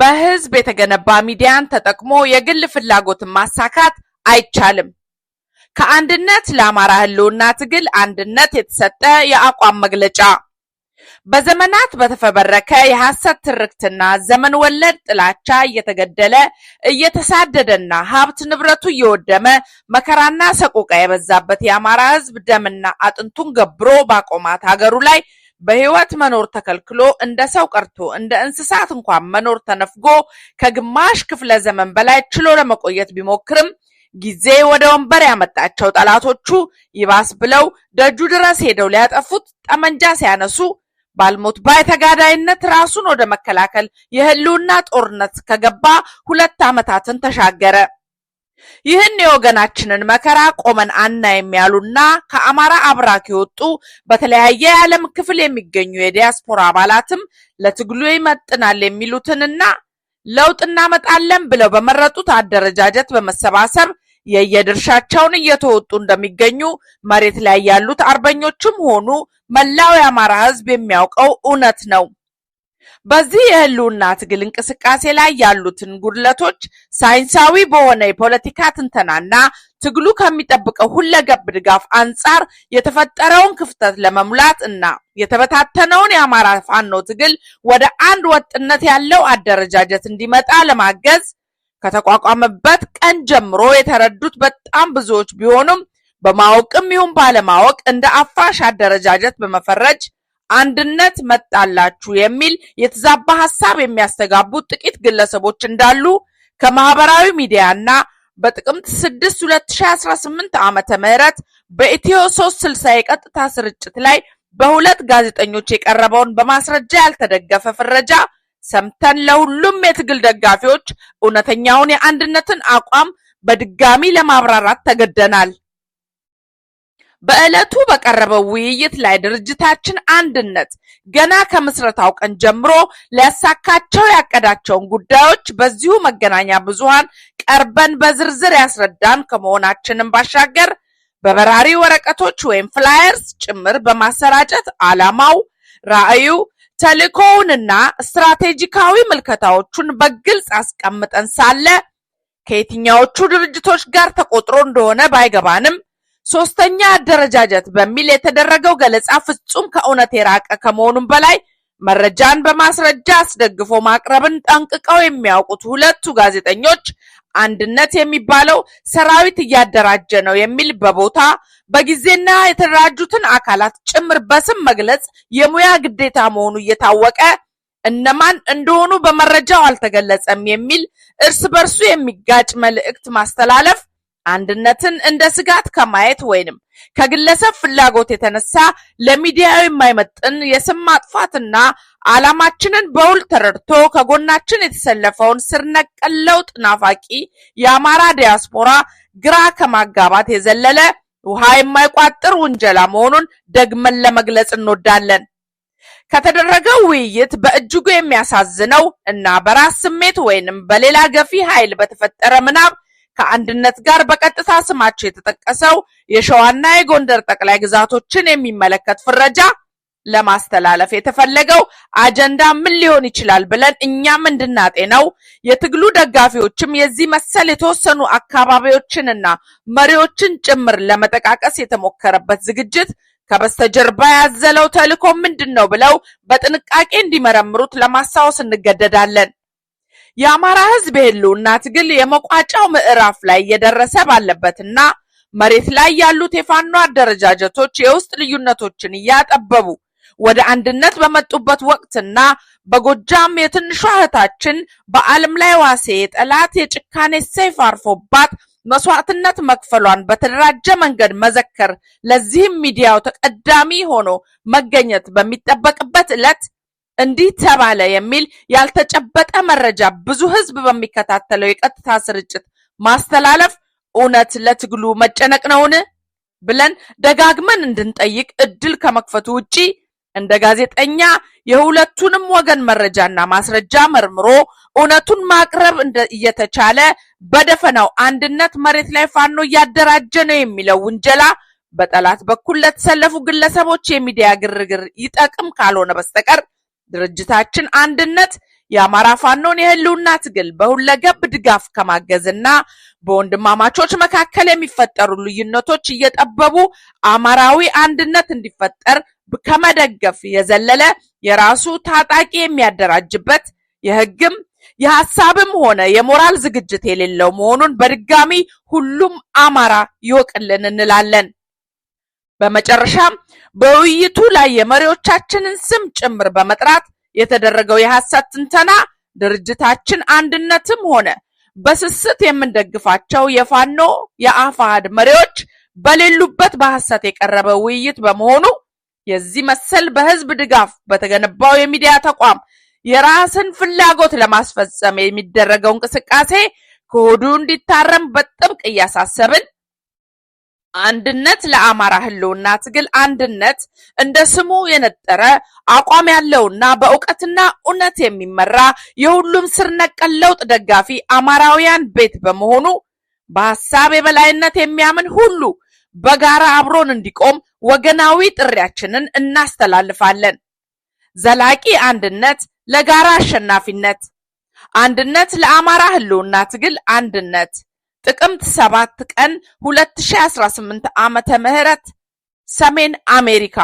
በህዝብ የተገነባ ሚዲያን ተጠቅሞ የግል ፍላጎትን ማሳካት አይቻልም። ከአንድነት ለአማራ ሕልውና ትግል አንድነት የተሰጠ የአቋም መግለጫ በዘመናት በተፈበረከ የሐሰት ትርክትና ዘመን ወለድ ጥላቻ እየተገደለ እየተሳደደና ሀብት ንብረቱ እየወደመ መከራና ሰቆቃ የበዛበት የአማራ ህዝብ ደምና አጥንቱን ገብሮ ባቆማት ሀገሩ ላይ በህይወት መኖር ተከልክሎ እንደ ሰው ቀርቶ እንደ እንስሳት እንኳን መኖር ተነፍጎ ከግማሽ ክፍለ ዘመን በላይ ችሎ ለመቆየት ቢሞክርም ጊዜ ወደ ወንበር ያመጣቸው ጠላቶቹ ይባስ ብለው ደጁ ድረስ ሄደው ሊያጠፉት ጠመንጃ ሲያነሱ ባልሞት ባይ ተጋዳይነት ራሱን ወደ መከላከል የህልውና ጦርነት ከገባ ሁለት ዓመታትን ተሻገረ። ይህን የወገናችንን መከራ ቆመን አናይም ያሉና ከአማራ አብራክ የወጡ በተለያየ የዓለም ክፍል የሚገኙ የዲያስፖራ አባላትም ለትግሉ ይመጥናል የሚሉትንና ለውጥ እናመጣለን ብለው በመረጡት አደረጃጀት በመሰባሰብ የየድርሻቸውን እየተወጡ እንደሚገኙ መሬት ላይ ያሉት አርበኞችም ሆኑ መላው የአማራ ሕዝብ የሚያውቀው እውነት ነው። በዚህ የህልውና ትግል እንቅስቃሴ ላይ ያሉትን ጉድለቶች ሳይንሳዊ በሆነ የፖለቲካ ትንተናና ትግሉ ከሚጠብቀው ሁለገብ ድጋፍ አንጻር የተፈጠረውን ክፍተት ለመሙላት እና የተበታተነውን የአማራ ፋኖ ትግል ወደ አንድ ወጥነት ያለው አደረጃጀት እንዲመጣ ለማገዝ ከተቋቋመበት ቀን ጀምሮ የተረዱት በጣም ብዙዎች ቢሆኑም በማወቅም ይሁን ባለማወቅ እንደ አፋሽ አደረጃጀት በመፈረጅ አንድነት መጣላችሁ የሚል የተዛባ ሀሳብ የሚያስተጋቡት ጥቂት ግለሰቦች እንዳሉ ከማህበራዊ ሚዲያና በጥቅምት 6 2018 ዓመተ ምህረት በኢትዮ 360 የቀጥታ ስርጭት ላይ በሁለት ጋዜጠኞች የቀረበውን በማስረጃ ያልተደገፈ ፍረጃ ሰምተን ለሁሉም የትግል ደጋፊዎች እውነተኛውን የአንድነትን አቋም በድጋሚ ለማብራራት ተገደናል። በዕለቱ በቀረበው ውይይት ላይ ድርጅታችን አንድነት ገና ከምስረታው ቀን ጀምሮ ሊያሳካቸው ያቀዳቸውን ጉዳዮች በዚሁ መገናኛ ብዙሃን ቀርበን በዝርዝር ያስረዳን ከመሆናችንም ባሻገር በበራሪ ወረቀቶች ወይም ፍላየርስ ጭምር በማሰራጨት ዓላማው፣ ራዕዩ፣ ተልእኮውንና ስትራቴጂካዊ ምልከታዎቹን በግልጽ አስቀምጠን ሳለ ከየትኛዎቹ ድርጅቶች ጋር ተቆጥሮ እንደሆነ ባይገባንም ሶስተኛ አደረጃጀት በሚል የተደረገው ገለጻ ፍጹም ከእውነት የራቀ ከመሆኑም በላይ መረጃን በማስረጃ አስደግፎ ማቅረብን ጠንቅቀው የሚያውቁት ሁለቱ ጋዜጠኞች አንድነት የሚባለው ሰራዊት እያደራጀ ነው የሚል በቦታ በጊዜና የተደራጁትን አካላት ጭምር በስም መግለጽ የሙያ ግዴታ መሆኑ እየታወቀ እነማን እንደሆኑ በመረጃው አልተገለጸም የሚል እርስ በርሱ የሚጋጭ መልእክት ማስተላለፍ አንድነትን እንደ ስጋት ከማየት ወይንም ከግለሰብ ፍላጎት የተነሳ ለሚዲያ የማይመጥን የስም ማጥፋትና ዓላማችንን በውል ተረድቶ ከጎናችን የተሰለፈውን ስር ነቀል ለውጥ ናፋቂ የአማራ ዲያስፖራ ግራ ከማጋባት የዘለለ ውሃ የማይቋጥር ውንጀላ መሆኑን ደግመን ለመግለጽ እንወዳለን። ከተደረገው ውይይት በእጅጉ የሚያሳዝነው እና በራስ ስሜት ወይንም በሌላ ገፊ ኃይል በተፈጠረ ምናብ ከአንድነት ጋር በቀጥታ ስማቸው የተጠቀሰው የሸዋና የጎንደር ጠቅላይ ግዛቶችን የሚመለከት ፍረጃ ለማስተላለፍ የተፈለገው አጀንዳ ምን ሊሆን ይችላል ብለን እኛም ነው የትግሉ ደጋፊዎችም የዚህ መሰል የተወሰኑ አካባቢዎችንና መሪዎችን ጭምር ለመጠቃቀስ የተሞከረበት ዝግጅት ከበስተጀርባ ያዘለው ተልእኮ ምንድን ነው ብለው በጥንቃቄ እንዲመረምሩት ለማስታወስ እንገደዳለን። የአማራ ህዝብ የህልውና ትግል የመቋጫው ምዕራፍ ላይ እየደረሰ ባለበትና መሬት ላይ ያሉት የፋኖ አደረጃጀቶች የውስጥ ልዩነቶችን እያጠበቡ ወደ አንድነት በመጡበት ወቅትና በጎጃም የትንሿ እህታችን በዓለም ላይ ዋሴ የጠላት የጭካኔ ሰይፍ አርፎባት መስዋዕትነት መክፈሏን በተደራጀ መንገድ መዘከር ለዚህም ሚዲያው ተቀዳሚ ሆኖ መገኘት በሚጠበቅበት ዕለት እንዲህ ተባለ የሚል ያልተጨበጠ መረጃ ብዙ ህዝብ በሚከታተለው የቀጥታ ስርጭት ማስተላለፍ እውነት ለትግሉ መጨነቅ ነውን ብለን ደጋግመን እንድንጠይቅ እድል ከመክፈቱ ውጪ እንደ ጋዜጠኛ የሁለቱንም ወገን መረጃና ማስረጃ መርምሮ እውነቱን ማቅረብ እየተቻለ በደፈናው አንድነት መሬት ላይ ፋኖ እያደራጀ ነው የሚለው ውንጀላ በጠላት በኩል ለተሰለፉ ግለሰቦች የሚዲያ ግርግር ይጠቅም ካልሆነ በስተቀር ድርጅታችን አንድነት የአማራ ፋኖን የህልውና ትግል በሁለገብ ድጋፍ ከማገዝና በወንድማማቾች መካከል የሚፈጠሩ ልዩነቶች እየጠበቡ አማራዊ አንድነት እንዲፈጠር ከመደገፍ የዘለለ የራሱ ታጣቂ የሚያደራጅበት የህግም የሀሳብም ሆነ የሞራል ዝግጅት የሌለው መሆኑን በድጋሚ ሁሉም አማራ ይወቅልን እንላለን። በመጨረሻም በውይይቱ ላይ የመሪዎቻችንን ስም ጭምር በመጥራት የተደረገው የሐሰት ትንተና ድርጅታችን አንድነትም ሆነ በስስት የምንደግፋቸው የፋኖ የአፋሃድ መሪዎች በሌሉበት በሐሰት የቀረበ ውይይት በመሆኑ የዚህ መሰል በህዝብ ድጋፍ በተገነባው የሚዲያ ተቋም የራስን ፍላጎት ለማስፈጸም የሚደረገው እንቅስቃሴ ከሆዱ እንዲታረም በጥብቅ እያሳሰብን አንድነት ለአማራ ህልውና ትግል አንድነት እንደ ስሙ የነጠረ አቋም ያለውና በእውቀትና እውነት የሚመራ የሁሉም ስር ነቀል ለውጥ ደጋፊ አማራውያን ቤት በመሆኑ በሀሳብ የበላይነት የሚያምን ሁሉ በጋራ አብሮን እንዲቆም ወገናዊ ጥሪያችንን እናስተላልፋለን። ዘላቂ አንድነት ለጋራ አሸናፊነት! አንድነት ለአማራ ህልውና ትግል አንድነት ጥቅምት ሰባት ቀን 2018 ሺ ዓመተ ምህረት ሰሜን አሜሪካ